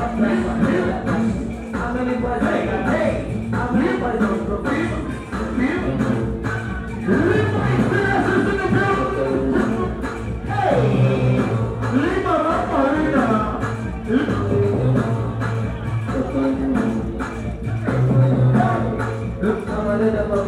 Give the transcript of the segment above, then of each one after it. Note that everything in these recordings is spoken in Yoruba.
I'm Come on, little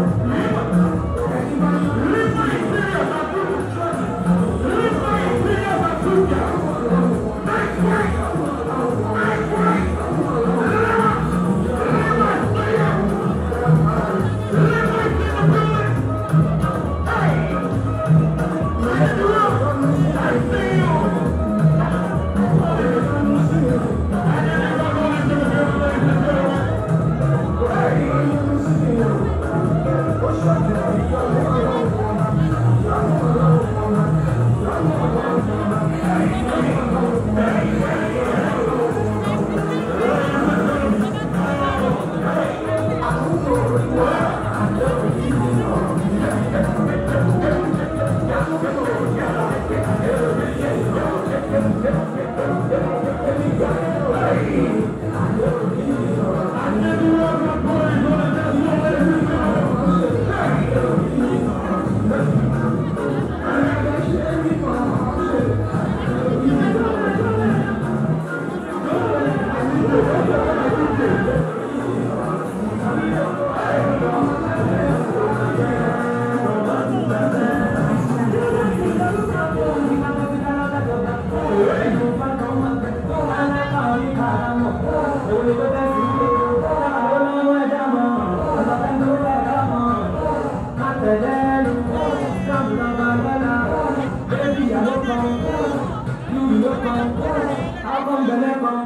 I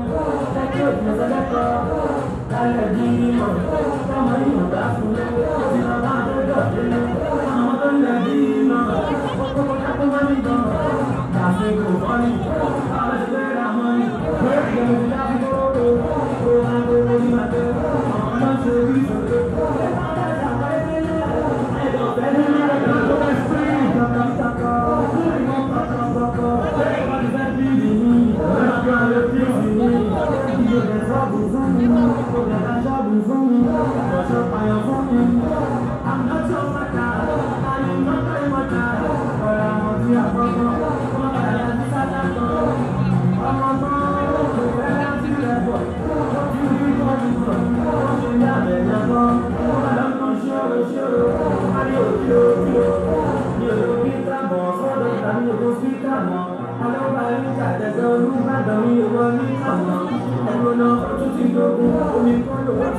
Thank you. وشق يديه dàmọ́ alọ́ba ríjà tẹ̀sán olùbàdàn mi ò wọlé àmọ́ ẹ̀rọ náà tún ti dogun omi kọ́ lòun.